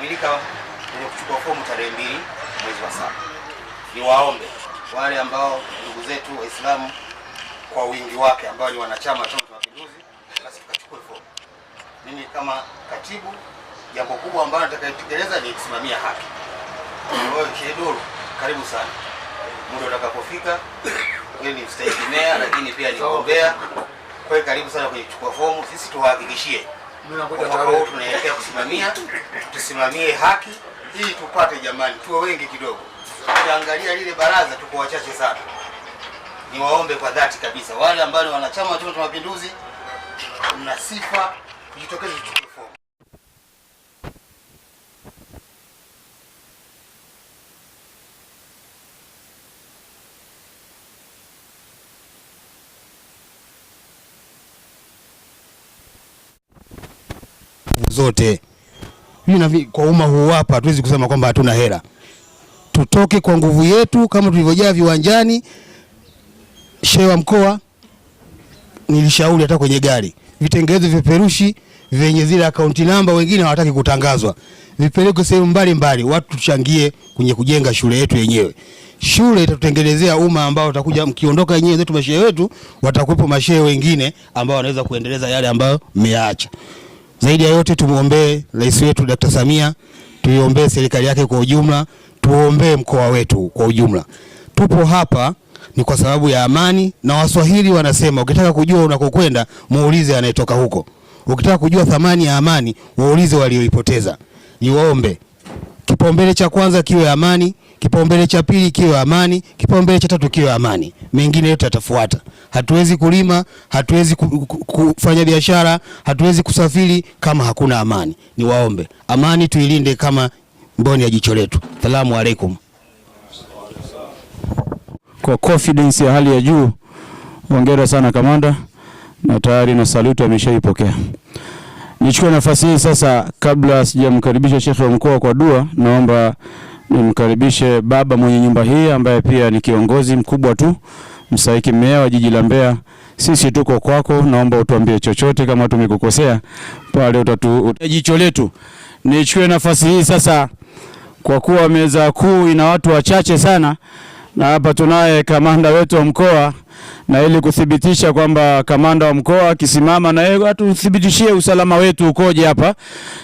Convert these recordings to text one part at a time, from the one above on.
kukamilika kwenye kuchukua fomu tarehe mbili mwezi wa saba. waombe wale ambao ndugu zetu Waislamu kwa wingi wake ambao ni wanachama wa Chama cha Mapinduzi, basi tukachukue fomu. Mimi kama katibu, jambo kubwa ambalo nitakayotekeleza ni kusimamia haki. Sheduru, karibu sana. Muda utakapofika wewe ni mstahiki meya, lakini pia ni mgombea. Kwa hiyo karibu sana kwenye kuchukua fomu, sisi tuwahakikishie tunaelekea kusimamia, tusimamie haki ili tupate. Jamani, tuwe wengi kidogo. Tukiangalia lile baraza, tuko wachache sana. Niwaombe kwa dhati kabisa, wale ambao wanachama wa Chama cha Mapinduzi, mna sifa, jitokeze. zote. Mimi kwa umma hapa, hatuwezi kusema kwamba hatuna hela. Tutoke kwa nguvu yetu kama tulivyojaa viwanjani. Shehe wa mkoa nilishauri hata kwenye gari vitengenezo vipeperushi vyenye zile akaunti namba, wengine hawataki kutangazwa, vipelekwe sehemu mbalimbali, watu tuchangie kwenye kujenga shule yetu yenyewe. Shule itatutengenezea umma ambao utakuja, mkiondoka yenyewe zetu mashehe wetu, watakuwepo mashehe wengine ambao wanaweza kuendeleza yale ambayo mmeacha zaidi ya yote tumwombee rais wetu Dr. Samia, tuiombee serikali yake kwa ujumla, tuombee mkoa wetu kwa ujumla. Tupo hapa ni kwa sababu ya amani, na Waswahili wanasema ukitaka kujua unakokwenda muulize anayetoka huko. Ukitaka kujua thamani ya amani waulize walioipoteza. Niwaombe kipaumbele cha kwanza kiwe amani, kipaumbele cha pili kiwe amani, kipaumbele cha tatu kiwe amani, mengine yote yatafuata. Hatuwezi kulima, hatuwezi kufanya biashara, hatuwezi kusafiri kama hakuna amani. Niwaombe amani tuilinde kama mboni ya jicho letu. Salamu alaikum. Kwa confidence ya hali ya juu, hongera sana kamanda, na tayari na saluti ameshaipokea. Nichukue nafasi hii sasa, kabla sijamkaribisha shekhe wa mkoa kwa dua, naomba Nimkaribishe baba mwenye nyumba hii ambaye pia ni kiongozi mkubwa tu, mstahiki meya wa jiji la Mbeya. Sisi tuko kwako, naomba utuambie chochote kama tumekukosea pale, utatu jicho letu. Nichukue nafasi hii sasa, kwa kuwa meza kuu ina watu wachache sana, na hapa tunaye kamanda wetu wa mkoa na ili kuthibitisha kwamba kamanda wa mkoa akisimama na yeye atuthibitishie usalama wetu ukoje hapa.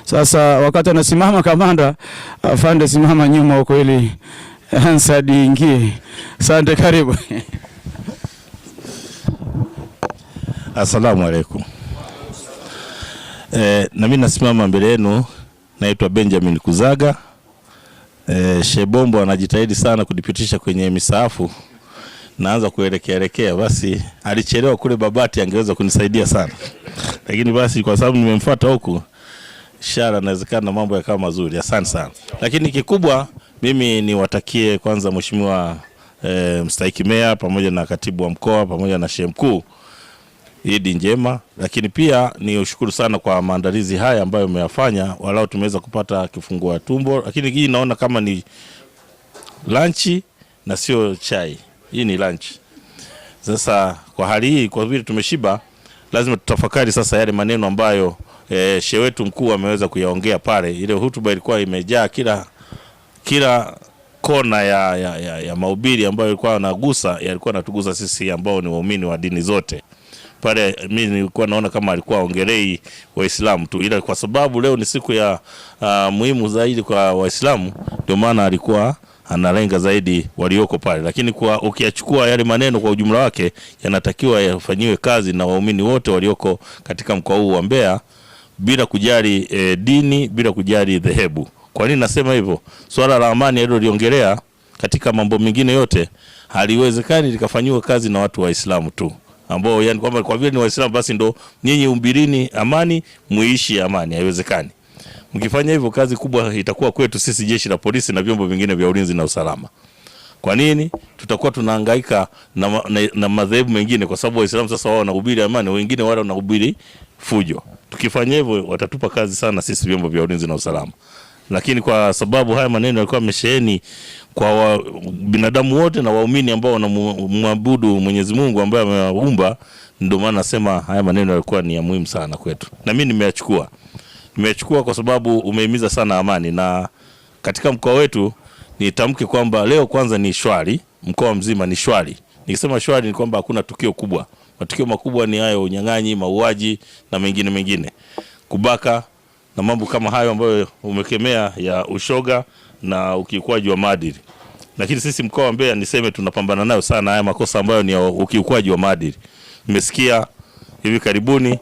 Sasa wakati anasimama kamanda, afande simama nyuma huko ili Hansard ingie. Asante, karibu. Asalamu alaykum. Eh, na mimi nasimama mbele yenu, naitwa Benjamin Kuzaga. Eh, Shebombo anajitahidi sana kudipitisha kwenye misaafu naanza kuelekeaelekea, basi alichelewa kule Babati, angeweza kunisaidia sana, lakini basi kwa sababu nimemfuata huku ishara, inawezekana mambo yakawa mazuri. Asante sana, lakini kikubwa mimi niwatakie kwanza mheshimiwa e, mstahiki meya pamoja na katibu wa mkoa pamoja na shehe mkuu Idi njema, lakini pia ni ushukuru sana kwa maandalizi haya ambayo umeyafanya, walau tumeweza kupata kifungua tumbo, lakini hii naona kama ni lanchi na sio chai hii ni lunch. Sasa kwa hali hii, kwa vile tumeshiba, lazima tutafakari sasa yale maneno ambayo e, shehe wetu mkuu ameweza kuyaongea pale. Ile hotuba ilikuwa imejaa kila kila kona ya, ya, ya, ya mahubiri ambayo ilikuwa anagusa, yalikuwa anatugusa sisi ambao ni waumini wa dini zote pale mi nilikuwa naona kama alikuwa ongelei Waislamu tu, ila kwa sababu leo ni siku ya uh, muhimu zaidi kwa Waislamu, ndio maana alikuwa analenga zaidi walioko pale, lakini kwa ukiyachukua yale maneno kwa ujumla wake yanatakiwa yafanyiwe kazi na waumini wote walioko katika mkoa huu wa Mbeya bila kujali e, dini bila kujali dhehebu. Kwa nini nasema hivyo? Swala la amani aliloliongelea katika mambo mengine yote haliwezekani likafanyiwa kazi na watu Waislamu tu ambao yani kwamba kwa vile ni Waislamu basi ndo nyinyi umbirini amani, muishi amani, haiwezekani. Mkifanya hivyo, kazi kubwa itakuwa kwetu sisi jeshi la polisi na vyombo vingine vya ulinzi na usalama. Kwa nini tutakuwa tunahangaika na, na, na madhehebu mengine? Kwa sababu Waislamu sasa wao wanahubiri amani, wengine wale wanahubiri fujo. Tukifanya hivyo, watatupa kazi sana sisi vyombo vya ulinzi na usalama, lakini kwa sababu haya maneno yalikuwa yamesheheni kwa wa, binadamu wote na waumini ambao wanamwabudu Mwenyezi Mungu ambaye amewaumba, ndio maana nasema haya maneno yalikuwa ni ya muhimu sana kwetu, na mimi nimeyachukua. Nimechukua kwa sababu umehimiza sana amani, na katika mkoa wetu nitamke kwamba leo kwanza ni shwari, mkoa mzima ni shwari. Nikisema shwari ni kwamba hakuna tukio kubwa. Matukio makubwa ni hayo unyang'anyi, mauaji na mengine mengine, kubaka na mambo kama hayo ambayo umekemea ya ushoga na ukiukwaji wa maadili. Lakini sisi mkoa wa Mbeya niseme tunapambana nayo sana haya makosa ambayo ni ukiukwaji wa maadili. Nimesikia hivi karibuni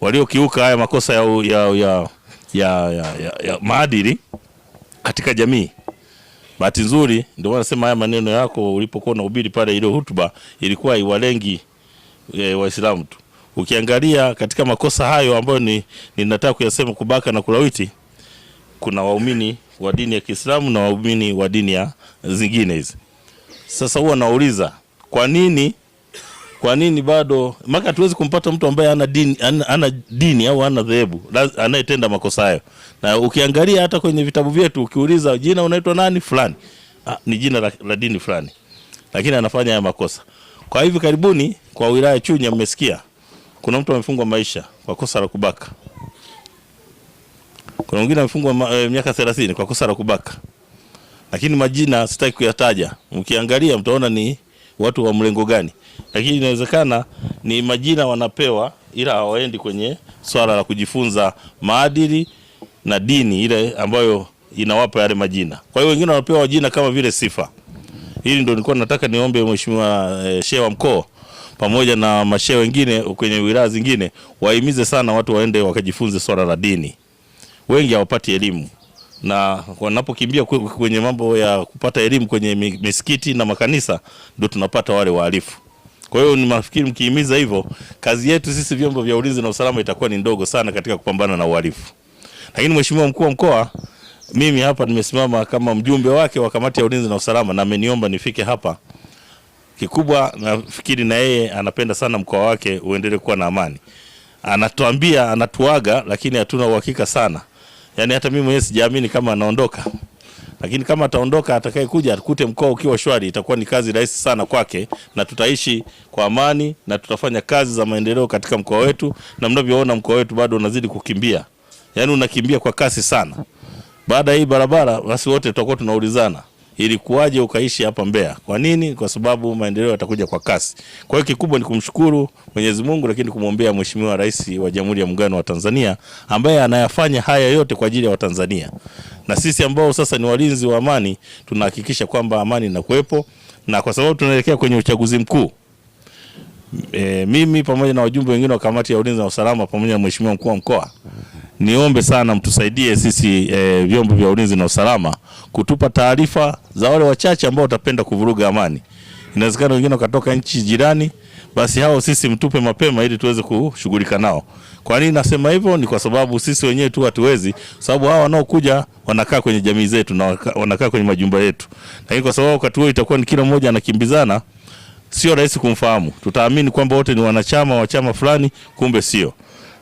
waliokiuka haya makosa ya, ya, ya, ya ya, ya, ya, ya maadili katika jamii. Bahati nzuri ndio wanasema haya maneno yako ulipokuwa unahubiri pale, ile hutuba ilikuwa iwalengi e, eh, Waislamu tu. Ukiangalia katika makosa hayo ambayo ni ninataka kuyasema, kubaka na kulawiti, kuna waumini wa dini ya Kiislamu na waumini wa dini ya zingine hizi. Sasa huwa nauliza kwa nini kwa nini bado maka, hatuwezi kumpata mtu ambaye ana dini, ana, ana dini au ana dhehebu anayetenda makosa hayo, na ukiangalia hata kwenye vitabu vyetu ukiuliza jina unaitwa nani fulani, ah, ni jina la, la dini fulani, lakini anafanya haya makosa. Kwa hivi karibuni kwa wilaya Chunya mmesikia kuna mtu amefungwa maisha kwa kosa la kubaka, kuna mwingine amefungwa e, miaka 30 kwa kosa la kubaka, lakini majina sitaki kuyataja. Mkiangalia mtaona ni watu wa mlengo gani lakini inawezekana ni majina wanapewa, ila hawaendi kwenye swala la kujifunza maadili na dini ile ambayo inawapa yale majina. Kwa hiyo wengine wanapewa jina kama vile sifa. Hili ndio nilikuwa nataka niombe mheshimiwa e, shehe wa mkoa pamoja na mashehe wengine kwenye wilaya zingine wahimize sana watu waende wakajifunze swala la dini. Wengi hawapati elimu na wanapokimbia kwenye mambo ya kupata elimu kwenye misikiti na makanisa, ndio tunapata wale wahalifu. Kwa hiyo nafikiri mkihimiza hivyo, kazi yetu sisi vyombo vya ulinzi na usalama itakuwa ni ndogo sana katika kupambana na uhalifu. Lakini Mheshimiwa Mkuu wa Mkoa, mimi hapa nimesimama kama mjumbe wake wa kamati ya ulinzi na usalama, na ameniomba nifike hapa. Kikubwa nafikiri na yeye anapenda sana mkoa wake uendelee kuwa na amani. Anatuambia anatuaga, lakini hatuna uhakika sana, yaani hata mimi mwenyewe sijaamini kama anaondoka lakini kama ataondoka atakayekuja akute mkoa ukiwa shwari, itakuwa ni kazi rahisi sana kwake, na tutaishi kwa amani na tutafanya kazi za maendeleo katika mkoa wetu. Na mnavyoona mkoa wetu bado unazidi kukimbia, yaani unakimbia kwa kasi sana. Baada ya hii barabara, basi wote tutakuwa tunaulizana ilikuwaje ukaishi hapa Mbeya? Kwa nini? Kwa sababu maendeleo yatakuja kwa kasi. Kwa hiyo kikubwa ni kumshukuru Mwenyezi Mungu, lakini kumwombea Mheshimiwa Rais wa Jamhuri ya Muungano wa Tanzania ambaye anayafanya haya yote kwa ajili ya Watanzania, na sisi ambao sasa ni walinzi wa amani tunahakikisha kwamba amani inakuwepo, na kwa sababu tunaelekea kwenye uchaguzi mkuu e, mimi pamoja na wajumbe wengine wa kamati ya ulinzi na usalama pamoja na mheshimiwa mkuu wa mkoa niombe sana mtusaidie sisi e, vyombo vya ulinzi na usalama kutupa taarifa za wale wachache ambao watapenda kuvuruga amani. Inawezekana wengine wakatoka nchi jirani, basi hao sisi mtupe mapema ili tuweze kushughulika nao. Kwa nini nasema hivyo? Ni kwa sababu sisi wenyewe tu hatuwezi, sababu hao wanaokuja wanakaa kwenye jamii zetu na wanakaa kwenye majumba yetu, lakini kwa sababu wakati huo itakuwa ni kila mmoja anakimbizana sio rahisi kumfahamu. Tutaamini kwamba wote ni wanachama wa chama fulani, kumbe sio.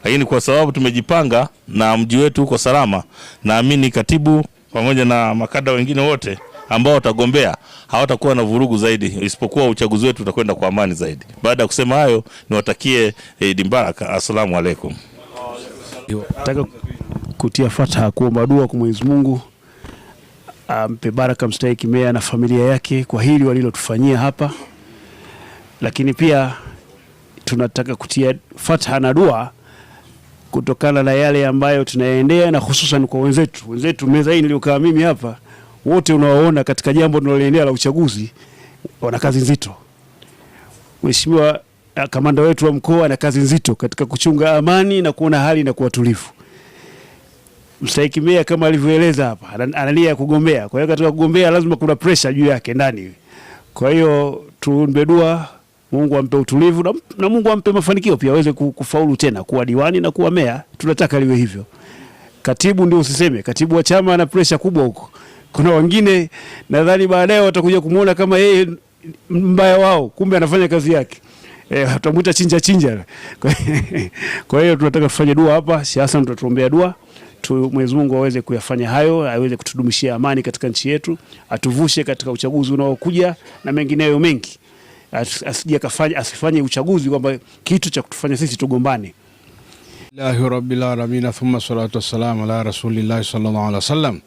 Lakini kwa sababu tumejipanga na mji wetu uko salama, naamini katibu pamoja na makada wengine wote ambao watagombea hawatakuwa na vurugu zaidi, isipokuwa uchaguzi wetu utakwenda kwa amani zaidi. Baada ya kusema hayo, niwatakie Eid eh, Mubarak, assalamu alaikum. Nataka kutia fataha kuomba dua kwa Mwenyezi Mungu ampe baraka mstahiki meya na familia yake kwa hili walilotufanyia hapa lakini pia tunataka kutia fatha na dua kutokana na yale ambayo tunaendea na hususan kwa wenzetu wenzetu meza hii niliokaa mimi hapa, wote unaoona katika jambo tunaloendea la uchaguzi, wana kazi nzito. Mheshimiwa eh, kamanda wetu wa mkoa ana kazi nzito katika kuchunga amani na kuona hali na kuwa tulivu. Mstahiki meya kama alivyoeleza hapa, anania ya kugombea. Kwa hiyo katika kugombea lazima kuna presha juu yake ndani. Kwa hiyo tuombe dua Mungu ampe utulivu na, na Mungu ampe mafanikio pia aweze kufaulu tena kuwa diwani na kuwa meya. Tunataka liwe hivyo. Katibu ndio usiseme, katibu wa chama ana presha kubwa huko. Kuna wengine nadhani baadaye watakuja kumuona kama yeye mbaya wao, kumbe anafanya kazi yake. e, eh, atamwita chinja chinja. Kwa hiyo tunataka tufanye dua hapa, siasa ndio tuombea dua. Mwenyezi Mungu aweze kuyafanya hayo, aweze kutudumishia amani katika nchi yetu, atuvushe katika uchaguzi unaokuja na mengineyo mengi asije kafanya asifanye uchaguzi kwamba kitu cha kutufanya sisi tugombane. Alhamdulillahi rabbil alamin thumma salatu wassalamu ala rasulillahi sallallahu alaihi wasallam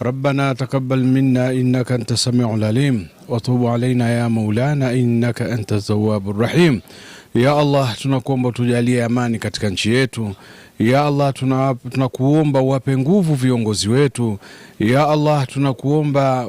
rabbana taqabbal minna innaka anta samiul alim wa tub alaina ya maulana innaka anta tawwabur rahim. Ya Allah, tunakuomba tujalie amani katika nchi yetu. Ya Allah, tunakuomba uwape nguvu viongozi wetu ya Allah, tunakuomba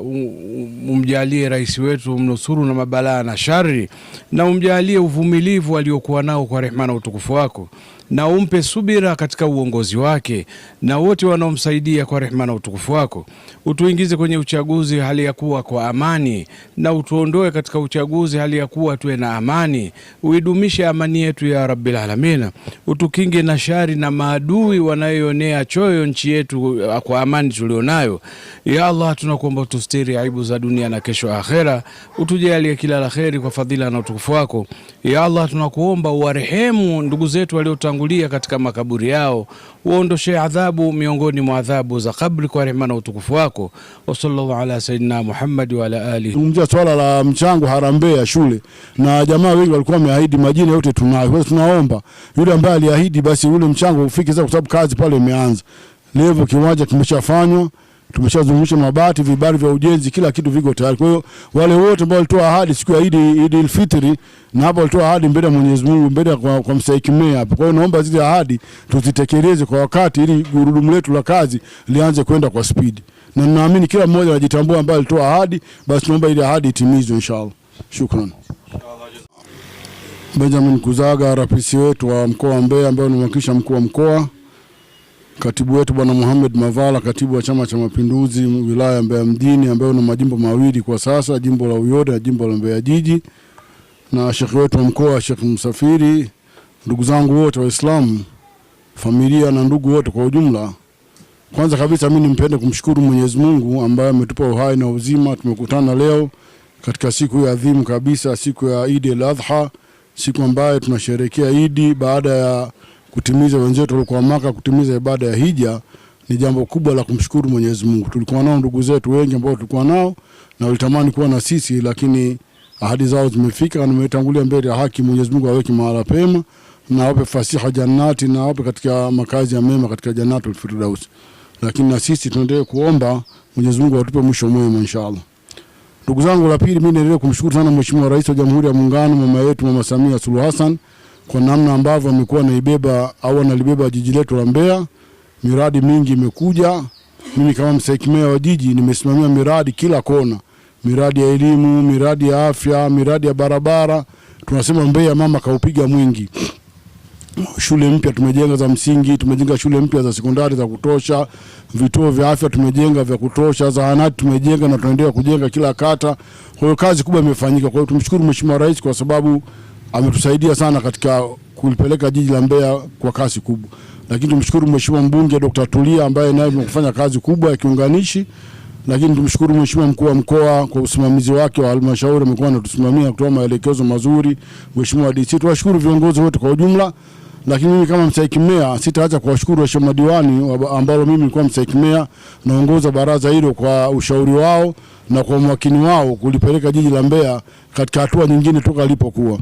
umjalie rais wetu, mnusuru na mabalaa na shari, na umjalie uvumilivu aliokuwa nao kwa rehema na utukufu wako, na umpe subira katika uongozi wake na wote wanaomsaidia kwa rehema na utukufu wako. Utuingize kwenye uchaguzi hali ya kuwa kwa amani, na utuondoe katika uchaguzi hali ya kuwa tuwe na amani. Uidumishe amani yetu ya Rabbil Alamin, utukinge na shari na maadui wanayoonea choyo nchi yetu uh, kwa amani tulionayo ya Allah, tunakuomba utustiri aibu za dunia na kesho akhera, utujalie kila la kheri kwa fadhila na utukufu wako. Ya Allah, tunakuomba uwarehemu ndugu zetu waliotangulia katika makaburi yao, uondoshe adhabu miongoni mwa adhabu za kabri kwa rehema na utukufu wako. Wa sallallahu ala sayyidina Muhammad wa ala alihi. Tumjia swala la mchango harambee ya shule, na jamaa wengi walikuwa wameahidi, majina yote tunayo. Kwa hiyo tunaomba yule ambaye aliahidi, basi ule mchango ufike sasa, kwa sababu kazi pale imeanza. Levo kiwanja kimeshafanywa tumeshazungusha mabati, vibali vya ujenzi, kila kitu viko tayari. Kwa hiyo wale wote ambao walitoa ahadi siku ya Eid al Fitri na hapo walitoa ahadi mbele ya Mwenyezi Mungu, mbele kwa, kwa msaiki mea hapo. Kwa hiyo naomba zile ahadi tuzitekeleze kwa wakati, ili gurudumu letu la kazi lianze kwenda kwa spidi, na naamini kila mmoja anajitambua ambaye alitoa ahadi, basi naomba ile ahadi itimizwe inshallah. Shukrani. Benjamin Kuzaga, RPC wetu wa mkoa wa Mbeya ambaye ni mwakilishi mkuu wa mkoa Katibu wetu bwana Mohamed Mavala, katibu wa Chama cha Mapinduzi wilaya ya Mbeya mjini, ambayo una majimbo mawili kwa sasa, jimbo la Uyole na jimbo la Mbeya jiji, na shekhe wetu wa mkoa Shekh Msafiri, ndugu zangu wote Waislamu, familia na ndugu wote kwa ujumla, kwanza kabisa mimi nimpende kumshukuru Mwenyezi Mungu ambaye ametupa uhai na uzima. Tumekutana leo katika siku ya adhimu kabisa, siku ya Idi el Adha, siku ambayo tunasherehekea Idi baada ya kutimiza wenzetu walikuwa Maka kutimiza ibada ya hija ni jambo kubwa la kumshukuru Mwenyezi Mungu. Tulikuwa nao ndugu zetu wengi ambao tulikuwa nao na walitamani kuwa na sisi, lakini ahadi zao zimefika, na nimetangulia mbele ya haki. Mwenyezi Mungu aweke mahala pema na awape fasiha jannati na awape katika makazi ya mema katika al firdaus. Lakini na sisi tunaendelea kuomba Mwenyezi Mungu atupe mwisho mwema inshallah. Ndugu zangu, la pili, mimi naendelea kumshukuru sana Mheshimiwa Rais wa Jamhuri ya Muungano, mama yetu Mama Samia Suluhu Hassan kwa namna ambavyo amekuwa naibeba au analibeba jiji letu la Mbeya. Miradi mingi imekuja. Mimi kama mstahiki meya wa jiji nimesimamia miradi kila kona, miradi ya elimu, miradi ya afya, miradi ya barabara. Tunasema Mbeya mama kaupiga mwingi. Shule mpya tumejenga za msingi, tumejenga shule mpya za sekondari za kutosha, vituo vya afya tumejenga vya kutosha, zahanati tumejenga na tunaendelea kujenga kila kata. Kwa hiyo kazi kubwa imefanyika. Kwa hiyo tumshukuru Mheshimiwa Rais kwa sababu ametusaidia sana katika kulipeleka jiji la Mbeya kwa kasi kubwa, lakini tumshukuru Mheshimiwa mbunge Dr. Tulia ambaye naye amefanya kazi kubwa ya kiunganishi, lakini tumshukuru Mheshimiwa mkuu wa mkoa kwa usimamizi wake wa halmashauri, amekuwa anatusimamia kutoa maelekezo mazuri. Mheshimiwa DC, tuwashukuru viongozi wote kwa ujumla, lakini mimi kama mstahiki meya sitaacha kuwashukuru waheshimiwa madiwani ambao mimi nilikuwa mstahiki meya naongoza baraza hilo kwa ushauri wao na kwa umakini wao kulipeleka jiji la Mbeya katika hatua nyingine toka alipokuwa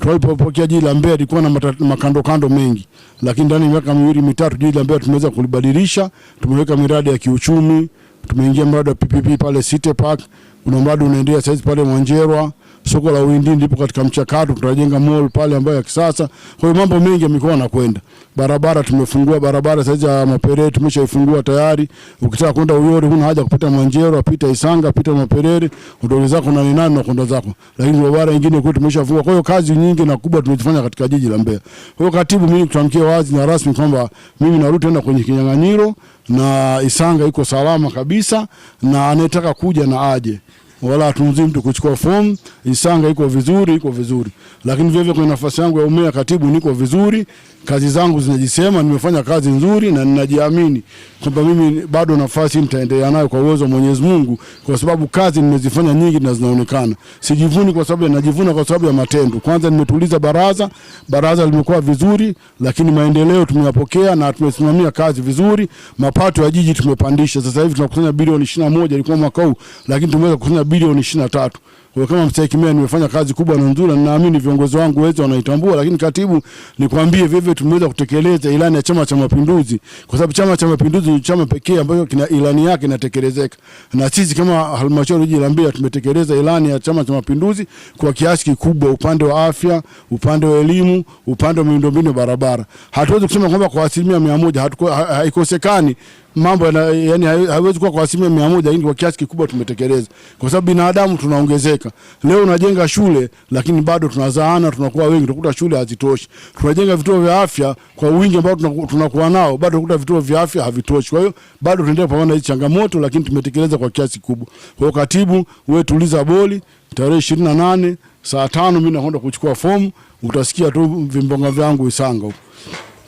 Tulipopokea jiji la Mbeya ilikuwa na makando kando mengi, lakini ndani ya miaka miwili mitatu jiji la Mbeya tumeweza kulibadilisha. Tumeweka miradi ya kiuchumi, tumeingia mradi wa PPP pale City Park, kuna mradi unaendelea saizi pale Mwanjerwa soko la Uwindini lipo katika mchakato, tunajenga mall pale ambayo ya kisasa. Kwa hiyo mambo mengi yamekuwa yanakwenda. Barabara tumefungua barabara sasa ya Maperere tumeshaifungua tayari. Ukitaka kwenda Uyole huna haja kupita Mwanjero, apita Isanga, apita Maperere, udogo zako na ni nani na kwenda zako. Lakini barabara nyingine kwetu tumeshafungua. Kwa hiyo kazi nyingi na kubwa tumezifanya katika jiji la Mbeya. Kwa hiyo katibu, mimi kutamkia wazi na rasmi kwamba mimi narudi tena kwenye kinyang'anyiro na Isanga iko salama kabisa na anayetaka kuja na aje wala hatumzii mtu kuchukua fomu. Isanga iko vizuri, iko vizuri, lakini vivyo kwenye nafasi yangu ya umea katibu niko vizuri kazi zangu zinajisema, nimefanya kazi nzuri na ninajiamini kwamba mimi bado nafasi nitaendelea nayo kwa uwezo wa Mwenyezi Mungu, kwa sababu kazi nimezifanya nyingi na zinaonekana. Sijivuni kwa sababu, najivuna kwa sababu ya matendo. Kwanza nimetuliza baraza, baraza limekuwa vizuri, lakini maendeleo tumeyapokea na tumesimamia kazi vizuri. Mapato ya jiji tumepandisha, sasa hivi tunakusanya bilioni 21, ilikuwa mwaka huu, lakini tumeweza kukusanya bilioni 23. Kwa kama mstahikimea nimefanya kazi kubwa na nzuri, na naamini viongozi wangu wote wanaitambua. Lakini katibu, nikwambie vivyo tumeweza kutekeleza ilani ya Chama cha Mapinduzi, kwa sababu Chama cha Mapinduzi ni chama pekee ambacho kina ilani yake inatekelezeka, na sisi kama halmashauri jiji la Mbeya tumetekeleza ilani ya Chama cha Mapinduzi kwa kiasi kikubwa, upande wa afya, upande wa elimu, upande wa miundombinu barabara. Hatuwezi kusema kwamba kwa asilimia mia moja haikosekani mambo yana, yani haiwezi kuwa kwa asilimia mia moja, lakini kwa kiasi kikubwa tumetekeleza, kwa sababu binadamu tunaongezeka. Leo unajenga shule lakini bado tunazaana, tunakuwa wengi, tunakuta shule hazitoshi. Tunajenga vituo vya afya kwa wingi ambao tunakuwa nao, bado tunakuta vituo vya afya havitoshi. Kwa hiyo bado tunaendelea kupambana na hii changamoto, lakini tumetekeleza kwa kiasi kikubwa. Kwa hiyo katibu, wewe tuliza boli tarehe ishirini na nane saa tano mimi naenda kuchukua fomu, utasikia tu vimbonga vyangu Isanga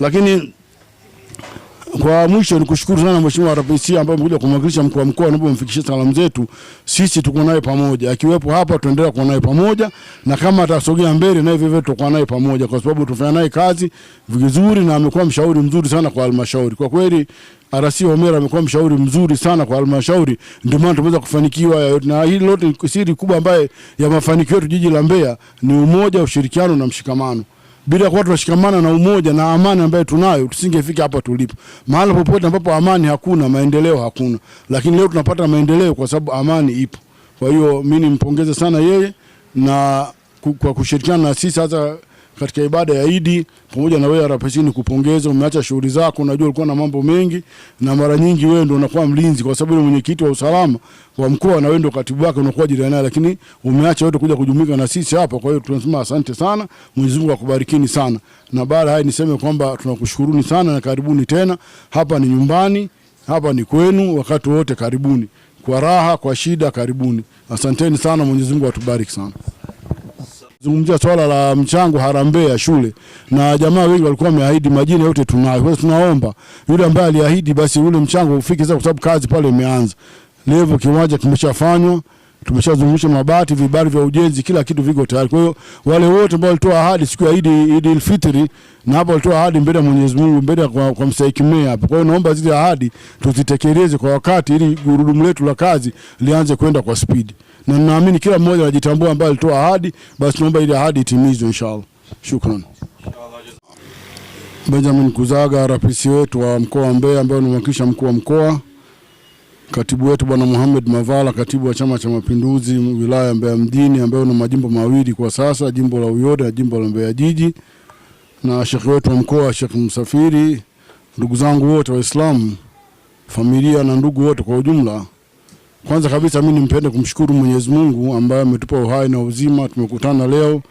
lakini kwa mwisho ni kushukuru sana Mheshimiwa RPC ambaye amekuja kumwakilisha mkuu wa mkoa, naomba mfikishie salamu zetu. Sisi tuko naye pamoja, akiwepo hapa tuendelea kuwa naye pamoja, na kama atasogea mbele na hivyo hivyo tutakuwa naye pamoja, kwa sababu tufanya naye kazi vizuri, na amekuwa mshauri mzuri sana kwa halmashauri. Kwa kweli RC Omera amekuwa mshauri mzuri sana kwa halmashauri, ndio maana tumeweza kufanikiwa, na hili lote siri kubwa ambaye ya mafanikio yetu jiji la Mbeya ni umoja, ushirikiano na mshikamano bila kuwa tunashikamana na umoja na amani ambayo tunayo, tusingefika hapa tulipo. Mahala popote ambapo amani hakuna, maendeleo hakuna, lakini leo tunapata maendeleo kwa sababu amani ipo. Kwa hiyo mimi nimpongeze sana yeye na kwa kushirikiana na sisi hata katika ibada ya Idi pamoja na wewe RPC ni kupongeza, umeacha shughuli zako, unajua ulikuwa na mambo mengi, na mara nyingi wewe ndio unakuwa mlinzi, kwa sababu ni mwenyekiti wa usalama wa mkoa na wewe ndio katibu wake, unakuwa jirani naye, lakini umeacha wewe kuja kujumuika na sisi hapa. Kwa hiyo tunasema asante sana, Mwenyezi Mungu akubarikini sana, na baada haya niseme kwamba tunakushukuruni sana na karibuni tena. Hapa ni nyumbani, hapa ni kwenu, wakati wote karibuni, kwa raha, kwa shida, karibuni. Asanteni sana, Mwenyezi Mungu atubariki sana zungumzia swala la mchango harambee ya shule na jamaa wengi walikuwa wameahidi, majina yote tunayo. Kwa tunaomba yule ambaye aliahidi, basi ule mchango ufike sasa, kwa sababu kazi pale imeanza. Levo kiwanja kimeshafanywa, tumeshazungusha mabati, vibali vya ujenzi, kila kitu viko tayari. Kwa hiyo wale wote ambao walitoa ahadi siku ya Idi Idil Fitri na hapo walitoa ahadi mbele ya Mwenyezi Mungu, mbele ya kwa, kwa msaiki mmea hapa. Kwa hiyo naomba zile ahadi tuzitekeleze kwa wakati, ili gurudumu letu la kazi lianze kwenda kwa spidi na ninaamini kila mmoja anajitambua ambaye alitoa ahadi, basi tunaomba ile ahadi itimizwe inshallah. Shukran. Benjamin Kuzaga, RPC wetu wa mkoa wa Mbeya ambaye unamwakilisha mkuu wa mkoa, katibu wetu bwana Mohamed Mavala, katibu wa Chama cha Mapinduzi wilaya ya Mbeya mjini, ambaye una majimbo mawili kwa sasa, jimbo la Uyole na jimbo la Mbeya jiji, na shekhi wetu wa mkoa Shekh Msafiri, ndugu zangu wote Waislamu, familia na ndugu wote kwa ujumla kwanza kabisa mimi nimpende kumshukuru Mwenyezi Mungu ambaye ametupa uhai na uzima. Tumekutana leo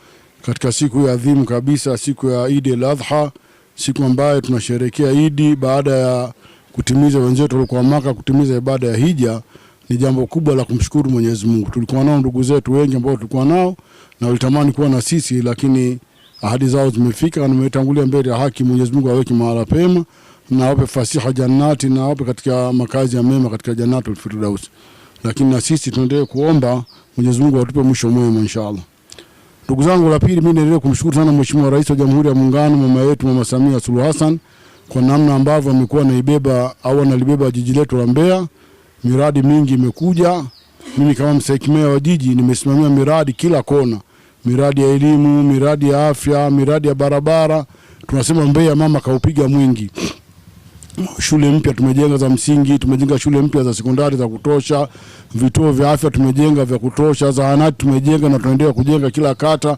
katika siku ya adhimu kabisa, siku ya Eid al-Adha, siku ambayo tunasherehekea Eid baada ya kutimiza wenzetu walikuwa Maka kutimiza ibada ya hija. Ni jambo kubwa la kumshukuru Mwenyezi Mungu. Tulikuwa nao ndugu zetu wengi ambao tulikuwa nao na walitamani kuwa na sisi, lakini ahadi zao zimefika na umetangulia mbele ya haki. Mwenyezi Mungu aweke mahala pema na awape fasiha jannati na awape katika makazi ya mema katika jannatul firdaus lakini na sisi tuendelee kuomba Mwenyezi Mungu atupe mwisho mwema inshallah. Ndugu zangu, la pili, mimi naendelea kumshukuru sana Mheshimiwa Rais wa Jamhuri ya Muungano, mama yetu Mama Samia Suluhu Hassan kwa namna ambavyo amekuwa anaibeba au analibeba jiji letu la Mbeya. Miradi mingi imekuja. Mimi kama msaikimea wa jiji nimesimamia miradi kila kona, miradi ya elimu, miradi ya afya, miradi ya barabara. Tunasema Mbeya mama kaupiga mwingi shule mpya tumejenga za msingi, tumejenga shule mpya za sekondari za kutosha, vituo vya afya tumejenga vya kutosha, zahanati tumejenga na tunaendelea kujenga kila kata.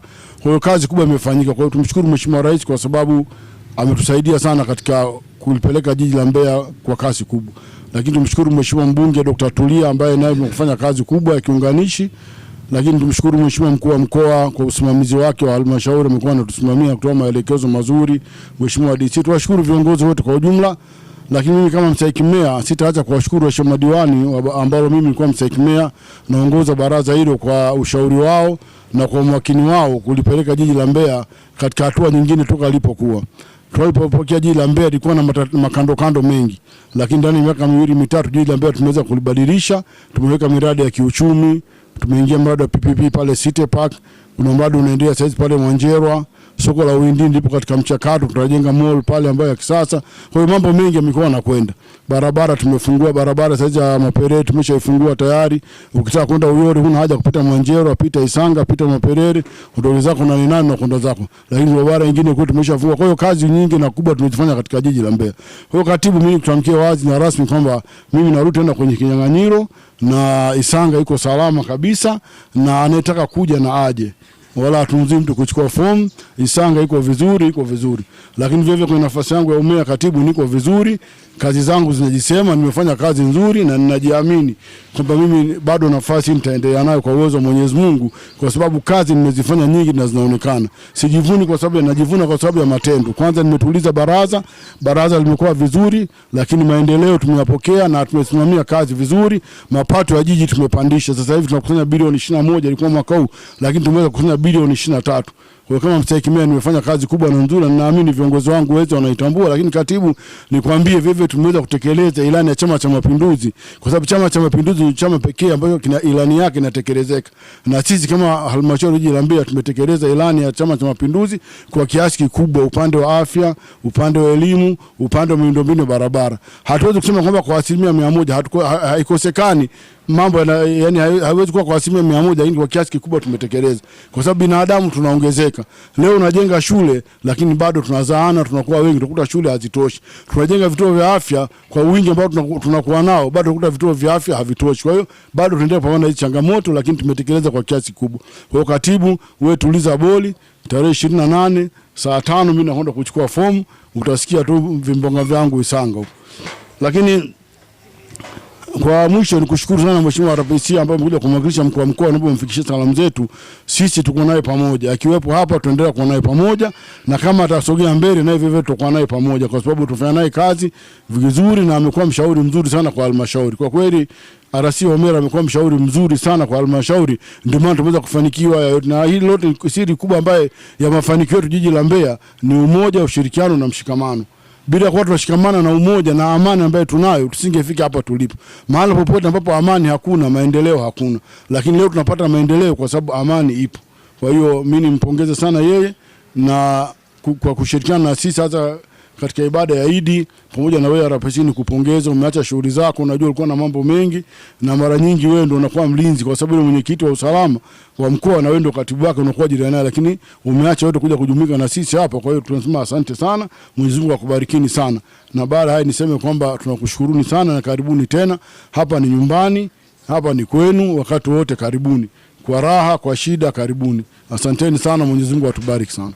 Kwa hiyo kazi kubwa imefanyika. Kwa hiyo tumshukuru Mheshimiwa Rais kwa sababu ametusaidia sana katika kulipeleka jiji la Mbeya kwa kasi kubwa, lakini tumshukuru Mheshimiwa Mbunge Dr. Tulia ambaye naye amefanya kazi kubwa ya kiunganishi, lakini tumshukuru Mheshimiwa Mkuu wa Mkoa kwa usimamizi wake wa halmashauri, amekuwa anatusimamia kutoa maelekezo mazuri. Mheshimiwa DC, tuwashukuru viongozi wote kwa ujumla lakini mimi kama mstahiki meya sitaacha kuwashukuru waheshimiwa diwani ambao mimi nilikuwa mstahiki meya naongoza baraza hilo kwa ushauri wao na kwa umakini wao kulipeleka jiji la Mbeya katika hatua nyingine toka alipokuwa. Tulipopokea jiji la Mbeya lilikuwa na makando kando mengi, lakini ndani ya miaka miwili mitatu jiji la Mbeya tumeweza kulibadilisha. Tumeweka miradi ya kiuchumi, tumeingia mradi wa PPP pale City Park, kuna mradi unaendelea saizi pale Mwanjerwa soko la Uhindini lipo katika mchakato, tunajenga mall pale ambayo ya kisasa. Kwa hiyo mambo mengi yamekuwa yanakwenda. Barabara tumefungua barabara sasa ya Maperere tumeshaifungua tayari. Ukitaka kwenda Uyole huna haja kupita Mwanjero, apita Isanga, apita Maperere, ndoli zako na ninani na kwenda zako. Lakini barabara nyingine kwetu tumeshafungua. Kwa hiyo kazi nyingi na kubwa tumejifanya katika jiji la Mbeya. Kwa hiyo katibu, mimi kutamkia wazi na rasmi kwamba mimi narudi tena kwenye kinyang'anyiro na Isanga iko salama kabisa na anayetaka kuja na aje wala hatumzii mtu kuchukua fomu. Isanga iko vizuri, iko vizuri, lakini vivyo kwenye nafasi yangu ya umea katibu niko vizuri, kazi zangu zinajisema, nimefanya kazi nzuri na ninajiamini kwamba mimi bado nafasi nitaendelea nayo kwa uwezo wa Mwenyezi Mungu, kwa sababu kazi nimezifanya nyingi na zinaonekana. Sijivuni kwa sababu, najivuna kwa sababu ya matendo. Kwanza nimetuliza baraza, baraza limekuwa vizuri, lakini maendeleo tumeyapokea na tumesimamia kazi vizuri. Mapato ya jiji tumepandisha, sasa hivi tunakusanya bilioni 21 ilikuwa mwaka huu, lakini tumeweza kukusanya bilioni ishirini na tatu. Kwa kama mstahikimea nimefanya kazi kubwa na nzuri, na ninaamini viongozi wangu wote wanaitambua. Lakini katibu, nikwambie vivyo tumeweza kutekeleza ilani ya Chama cha Mapinduzi, kwa sababu Chama cha Mapinduzi ni chama pekee ambacho kina ilani yake inatekelezeka, na sisi kama halmashauri jiji la Mbeya tumetekeleza ilani ya Chama cha Mapinduzi kwa kiasi kikubwa, upande wa afya, upande wa elimu, upande wa miundombinu barabara. Hatuwezi kusema kwamba kwa asilimia mia moja haikosekani mambo na, yani hawezi kuwa kwa asilimia mia moja, lakini kwa kiasi kikubwa tumetekeleza, kwa sababu binadamu tunaongezeka. Leo unajenga shule lakini bado tunazaana, tunakuwa wengi, tunakuta shule hazitoshi. Tunajenga vituo vya afya kwa wingi ambao tunakuwa nao, bado tunakuta vituo vya afya havitoshi. Kwa hiyo bado tunaendelea kupambana na hii changamoto, lakini tumetekeleza kwa kiasi kikubwa. Kwa hiyo katibu, wewe tuliza boli tarehe ishirini na nane saa tano mimi nakwenda kuchukua fomu, utasikia tu vimbonga vyangu Isanga lakini kwa mwisho ni kushukuru sana Mheshimiwa RPC ambaye amekuja kumwakilisha mkuu wa mkoa, naomba mfikishie salamu zetu. Sisi tuko naye pamoja, akiwepo hapa tuendelea kuwa naye pamoja, na kama atasogea mbele na hivyo hivyo tutakuwa naye pamoja, kwa sababu tufanya naye kazi vizuri, na amekuwa mshauri mzuri sana kwa halmashauri. Kwa kweli RC Omera amekuwa mshauri mzuri sana kwa halmashauri, ndio maana tumeweza kufanikiwa na hili lote siri kubwa ambaye ya mafanikio yetu jiji la Mbeya ni umoja, ushirikiano na mshikamano bila kuwa tunashikamana na umoja na amani ambayo tunayo, tusingefika hapa tulipo. Mahali popote ambapo amani hakuna, maendeleo hakuna, lakini leo tunapata maendeleo kwa sababu amani ipo. Kwa hiyo mimi nimpongeze sana yeye na kwa kushirikiana na sisi hasa katika ibada ya Idi pamoja na wewe RPC ni kupongeza. Umeacha shughuli zako, unajua ulikuwa na mambo mengi, na mara nyingi wewe ndio unakuwa mlinzi, kwa sababu yule mwenyekiti wa usalama wa mkoa na wewe ndio katibu wake, unakuwa jirani naye, lakini umeacha yote kuja kujumuika na sisi hapa. Kwa hiyo tunasema asante sana, Mwenyezi Mungu akubarikini sana, na baada haya niseme kwamba tunakushukuruni sana na karibuni tena. Hapa ni nyumbani, hapa ni kwenu, wakati wote karibuni, kwa raha, kwa shida, karibuni. Asanteni sana, Mwenyezi Mungu atubariki sana.